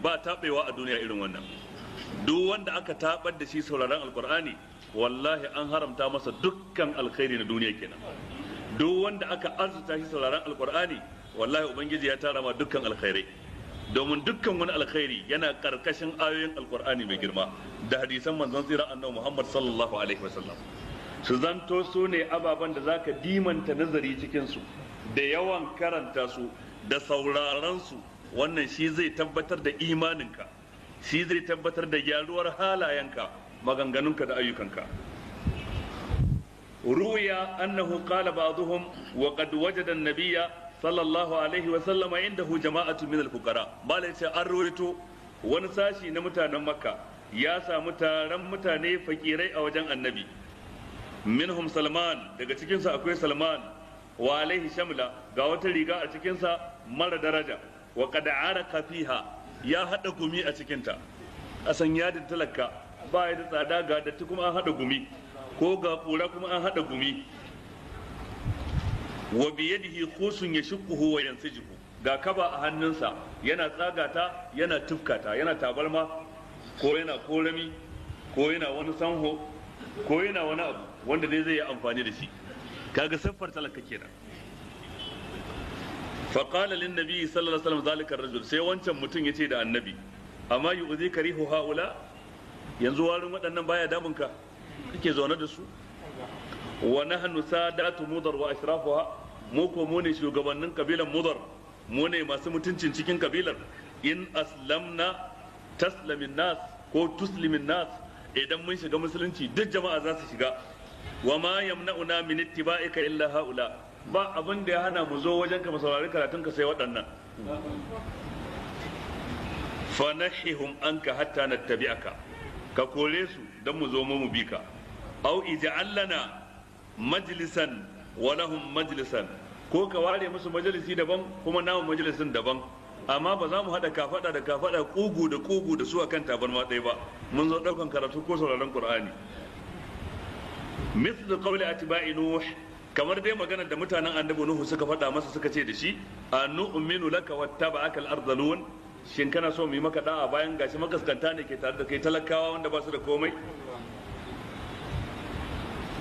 ba taɓewa a duniya irin wannan duk wanda aka taɓar da shi sauraron alkur'ani wallahi an haramta masa dukkan alkhairi na duniya kenan duk wanda aka arzuta shi sauraron alkur'ani wallahi ubangiji ya tara ma dukkan alkhairai domin dukkan wani alkhairi yana karkashin ayoyin alkur'ani mai girma da hadisan manzon tsira annabi muhammad sallallahu alaihi wasallam su zanto su ne ababen da zaka dimanta nazari cikin su da yawan karanta su da sauraron su wannan shi zai tabbatar da imaninka shi zai tabbatar da gyaruwar halayenka maganganunka da ayyukanka ruya annahu qala ba'dhum wa qad wajada an-nabiyya sallallahu alaihi wa sallama indahu jama'atu min al-fuqara bala yace an ruwaito wani sashi na mutanen makka ya samu taron mutane fakirai a wajen annabi minhum salman daga cikinsa akwai salman wa alaihi shamla ga wata riga a cikinsa mara daraja wa qad araka fiha ya hada gumi a cikin ta kasan yadin talaka ba ya da tsada ga datti kuma an hada gumi ko ga kura kuma an hada gumi wa yadihi khusun yashquhu wa yansijuhu ga kaba a hannunsa yana tsagata yana tufkata yana tabarma ko yana korami ko yana wani sanho ko yana wani abu wanda dai zai yi amfani da shi kaga siffar talaka kenan fa qala lin nabi sallallahu alaihi wasallam zalika rajul sai wancan mutum yace da annabi amma yu'zi karihu haula yanzu warin waɗannan baya damunka kake zaune da su wa nahnu sadatu mudar wa ashrafuha mu ko mu ne shugabannin kabilan mudar mu ne masu mutuncin cikin kabilar in aslamna taslamin nas ko tuslimin nas idan mun shiga musulunci duk jama'a za su shiga wa ma yamna'una min ittiba'ika illa haula ba abin da ya hana mu zo wajen ka saurari karatun ka sai waɗannan fanahihum anka hatta nattabi'aka ka kore su don mu zo mu mu bi ka aw ij'al lana majlisan wa majlisan ko ka ware musu majalisi daban kuma namu majalisin daban amma ba za mu haɗa kafaɗa da kafaɗa ƙugu da ƙugu da su akan tabarma ɗaya ba mun zo ɗaukan karatu ko sauraron qur'ani mithlu qawli أتباع nuh kamar dai maganar da mutanen annabi nuhu suka faɗa masa suka ce da shi a nu'minu laka wattaba'aka al ardalun shin kana so mu yi maka da'a bayan gashi makaskanta ne ke tare da kai talakawa wanda ba su da komai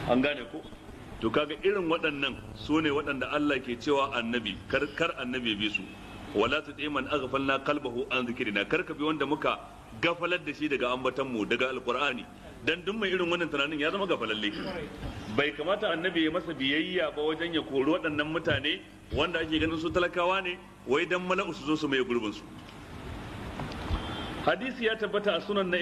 an gane ko to kaga irin waɗannan su ne waɗanda Allah ke cewa annabi kar annabi ya bi su wala tuti man aghfalna qalbahu an zikrina karka bi wanda muka gafalar da shi daga ambatan mu daga alqur'ani dan duk mai irin wannan tunanin ya zama gafalalle bai kamata annabi ya masa biyayya ba wajen ya kori waɗannan mutane wanda ake ganin su talakawa ne wai dan mala'u su zo su mai gurbin su hadisi ya tabbata a sunan